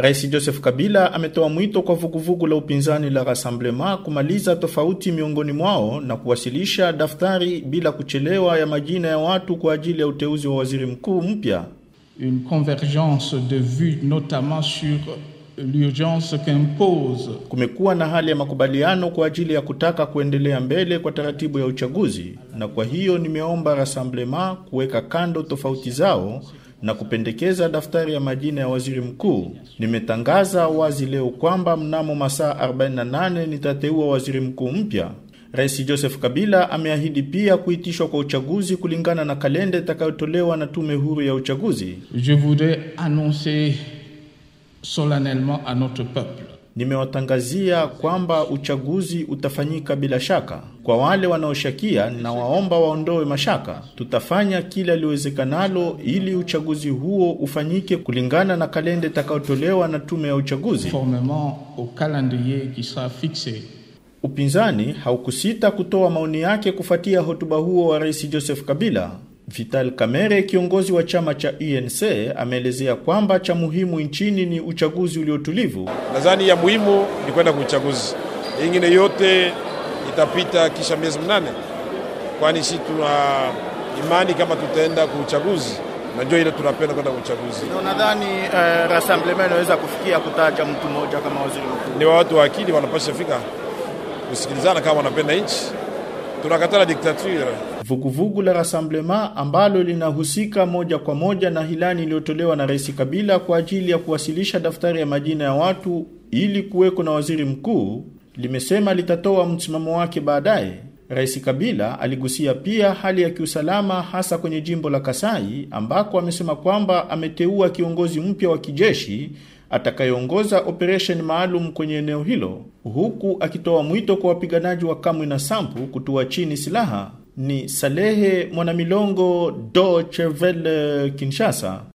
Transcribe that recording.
Rais Joseph Kabila ametoa mwito kwa vuguvugu la upinzani la Rassemblement kumaliza tofauti miongoni mwao na kuwasilisha daftari bila kuchelewa ya majina ya watu kwa ajili ya uteuzi wa waziri mkuu mpya. Une convergence de vues notamment sur l'urgence qu'impose. Kumekuwa na hali ya makubaliano kwa ajili ya kutaka kuendelea mbele kwa taratibu ya uchaguzi, na kwa hiyo nimeomba Rassemblement kuweka kando tofauti zao na kupendekeza daftari ya majina ya waziri mkuu. Nimetangaza wazi leo kwamba mnamo masaa 48 nitateua waziri mkuu mpya. Rais Joseph Kabila ameahidi pia kuitishwa kwa uchaguzi kulingana na kalenda itakayotolewa na tume huru ya uchaguzi. Je voudrais annoncer solennellement notre peuple Nimewatangazia kwamba uchaguzi utafanyika bila shaka. Kwa wale wanaoshakia, nawaomba waondoe mashaka. Tutafanya kila aliowezekanalo ili uchaguzi huo ufanyike kulingana na kalenda itakayotolewa na tume ya uchaguzi. Upinzani haukusita kutoa maoni yake kufuatia hotuba huo wa Rais Joseph Kabila. Vital Kamerhe, kiongozi wa chama cha UNC, e ameelezea kwamba cha muhimu nchini ni uchaguzi uliotulivu. Nadhani ya muhimu ni kwenda kwa uchaguzi, ingine yote itapita kisha miezi mnane, kwani si tuna imani kama tutaenda kwa uchaguzi Najua ile tunapenda kwenda kwa uchaguzi. Nadhani uh, eh, rassemblement inaweza kufikia kutaja mtu mmoja kama waziri mkuu. Ni watu wa akili wanapasha fika kusikilizana kama wanapenda nchi. Tunakataa diktature. Vuguvugu la Rassemblement ambalo linahusika moja kwa moja na hilani iliyotolewa na Rais Kabila kwa ajili ya kuwasilisha daftari ya majina ya watu ili kuweko na waziri mkuu limesema litatoa msimamo wake baadaye. Rais Kabila aligusia pia hali ya kiusalama hasa kwenye jimbo la Kasai ambako amesema kwamba ameteua kiongozi mpya wa kijeshi atakayeongoza operesheni maalum kwenye eneo hilo huku akitoa mwito kwa wapiganaji wa Kamwi na Sampu kutua chini silaha ni Salehe Mwanamilongo do Chevelle Kinshasa.